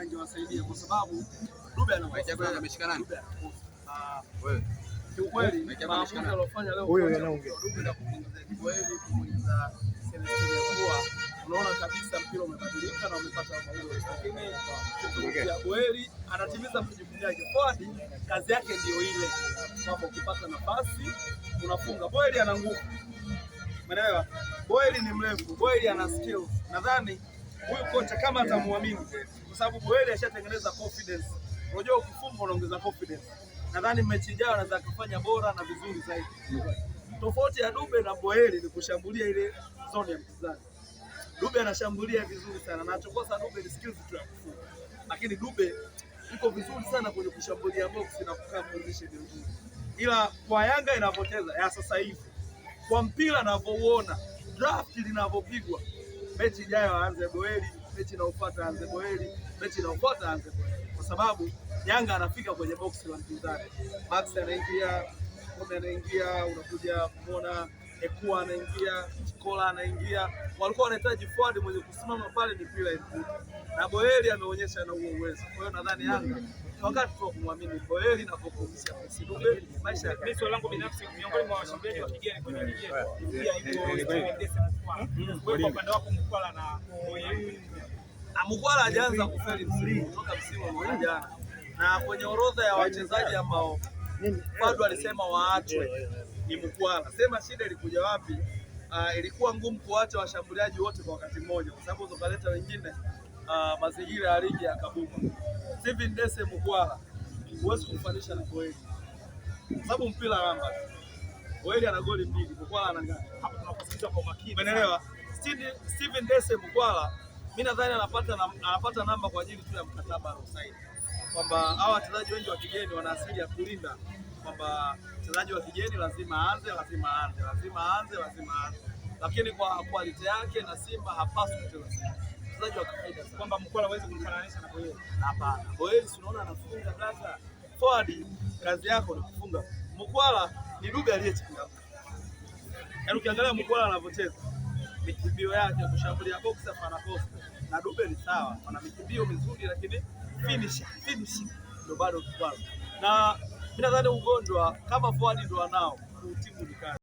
angewasaidia kwa sababu ameshika nani? Kiukweli unaona kabisa mpira umebadilika na umepata lakini anatimiza majukumu yake. Fadi kazi yake ndio ile kwamba ukipata nafasi unafunga. Boeli ana nguvu, umeelewa? Boeli ni mrefu, Boeli ana skills nadhani huyu kocha kama atamuamini, kwa sababu Boeli ashatengeneza confidence. Unajua ukifungwa unaongeza confidence. Nadhani mechi ijayo anaweza kufanya bora na vizuri zaidi. Tofauti ya Dube na Boeli ni kushambulia ile zone ya mpinzani. Dube anashambulia vizuri sana na anachokosa Dube ni skills tu ya kufunga, lakini Dube yuko vizuri sana kwenye kushambulia box na kukaa position nzuri, ila kwa Yanga inapoteza ya sasa hivi, kwa mpira navyouona, draft linavyopigwa mechi ijayo aanze Boeli, mechi inayofuata aanze Boeli, mechi inayofuata aanze Boeli, kwa sababu Yanga anafika kwenye boksi la mpinzani, Max anaingia, Kome anaingia, unakuja kumwona Ekua anaingia, kola anaingia, walikuwa wanahitaji forward mwenye kusimama pale mipira inakuja, na Boeli ameonyesha na huo uwezo. Kwa hiyo nadhani Yanga wakati wa kumwamini Boeli na kukumsha kusidube maisha yake. Mimi swali langu binafsi, miongoni mwa washambuliaji wa kigeni kwenye ligi yetu, eh, eh, eh, hmm? kwa upande wako Mkwala na Boeli, ah, Mkwala hajaanza kufeli msimu toka msimu mmoja, na kwenye orodha ya wachezaji ambao bado alisema waachwe ni Mkwala. Sema shida ilikuja wapi? Uh, ilikuwa ngumu kuacha washambuliaji wote kwa wakati mmoja, kwa sababu zokaleta wengine uh, mazingira ya ligi yakabuma. Steven Dese Mkwala huwezi kumfanisha na kwa sababu mpira ramba. Koeli ana goli mbili, Mkwala ana ngapi? Hapo tunakusikiza kwa makini, umeelewa? Steven Dese Mkwala mimi nadhani anapata anapata namba kwa ajili tu ya mkataba wa usaini, kwamba hawa wachezaji wengi wa kigeni wana asili ya kulinda kwamba mchezaji wa kigeni lazima anze, lazima anze, lazima anze, lazima anze, lakini kwa quality yake na Simba hapaswi kucheza Simba mchezaji wa kawaida, kwamba Mkwala hawezi kumfananisha na Boyeli. Hapana, Boyeli unaona anafunga sasa. forward, kazi yako ni kufunga. Mkwala ni duga aliyechangamka, yaani ukiangalia Mkwala anavyocheza mikimbio yake ya kushambulia box hapana post na Dube ni sawa, wana mikimbio mizuri, lakini finish finish ndio bado kwa na mimi nadhani ugonjwa kama Fuadi ndo anao, utibu ni kazi.